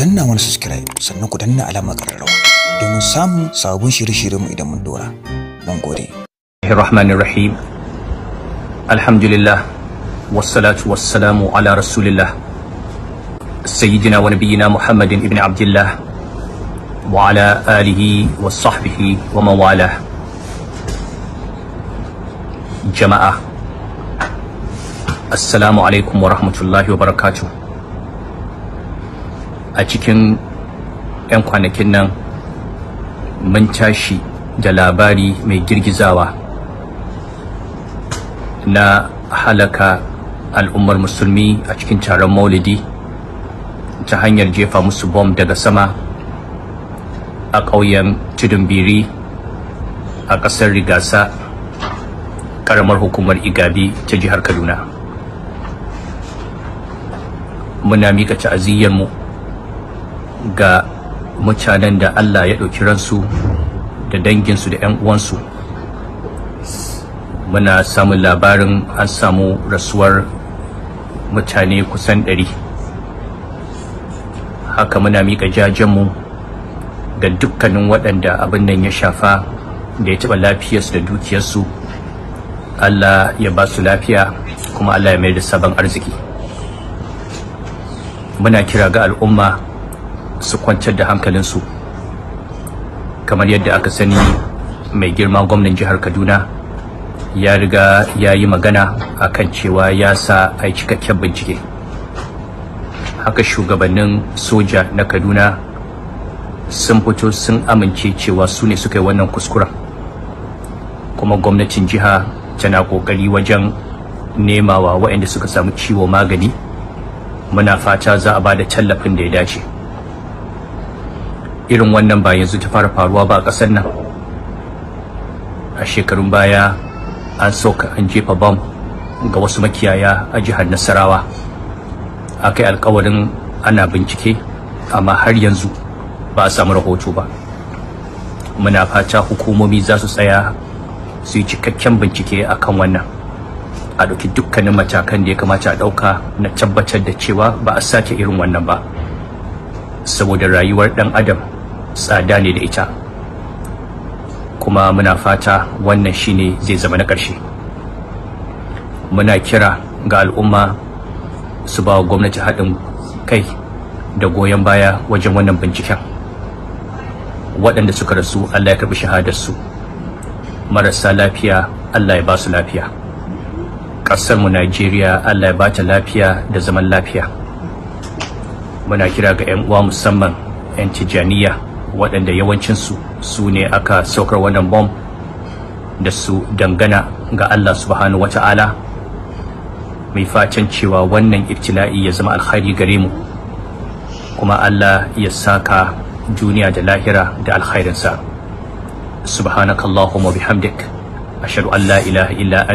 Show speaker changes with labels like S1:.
S1: danna wani subscribe sannan ku danna alamar ƙararrawa domin samun sabon shirye-shiryenmu idan mun dora. Mun gode. Rahim. Alhamdulillah. Wassalatu wassalamu ala Rasulillah. Sayyidina wa nabiyyina Muhammadin ibn Abdullah wa ala alihi wa sahbihi wa mawala. Jama'a. Assalamu alaikum wa rahmatullahi wa barakatuh. a cikin 'yan kwanakin nan mun tashi da labari mai girgizawa na halaka al'ummar musulmi a cikin taron maulidi ta hanyar jefa musu bom daga sama a ƙauyen tudunbiri a ƙasar rigasa ƙaramar hukumar igabi ta jihar kaduna muna mika ta'aziyyarmu ga mutanen da Allah ya ɗauki ransu da danginsu da 'yan uwansu muna samun labarin an samu rasuwar mutane kusan ɗari haka muna miƙa jajenmu ga dukkanin waɗanda abin nan ya shafa da ya taɓa lafiyarsu da dukiyarsu Allah ya ba su lafiya kuma Allah ya mai da sabon arziki muna kira ga al'umma su kwantar da hankalinsu kamar yadda aka sani mai girma gwamnan jihar kaduna ya riga ya yi magana a kan cewa ya sa a yi cikakken bincike haka shugabannin soja na kaduna sun fito sun amince cewa su ne suka yi wannan kuskuren kuma gwamnatin jiha tana kokari wajen nemawa waɗanda suka samu ciwo magani muna fata za a ba da tallafin da ya dace irin wannan ba yanzu ta fara faruwa ba a ƙasar nan a shekarun baya an sauka an jefa bam ga wasu makiyaya a jihar nasarawa akai alkawarin ana bincike amma har yanzu ba a samu rahoto ba muna fata hukumomi za su tsaya su yi cikakken bincike akan wannan a ɗauki dukkanin matakan da ya kamata a ɗauka na tabbatar da cewa ba a sake irin wannan ba saboda rayuwar ɗan adam tsada ne da ita kuma muna fata wannan shine zai zama na ƙarshe muna kira ga al'umma su ba wa gwamnati haɗin kai da goyon baya wajen wannan binciken waɗanda suka rasu allah ya karɓi shahadarsu marasa lafiya allah ya ba su lafiya ƙasarmu najeriya allah ya ba ta lafiya da zaman lafiya muna kira ga 'yan uwa musamman 'yan tijjaniya waɗanda yawancinsu su ne aka saukar wannan bom da su dangana ga Allah subhanahu wata'ala mai fatan cewa wannan ibtila'i ya zama alkhairi gare mu kuma Allah ya saka duniya da lahira da alkhairinsa subhanakallahumma bihamdik ashhadu an la ilaha illa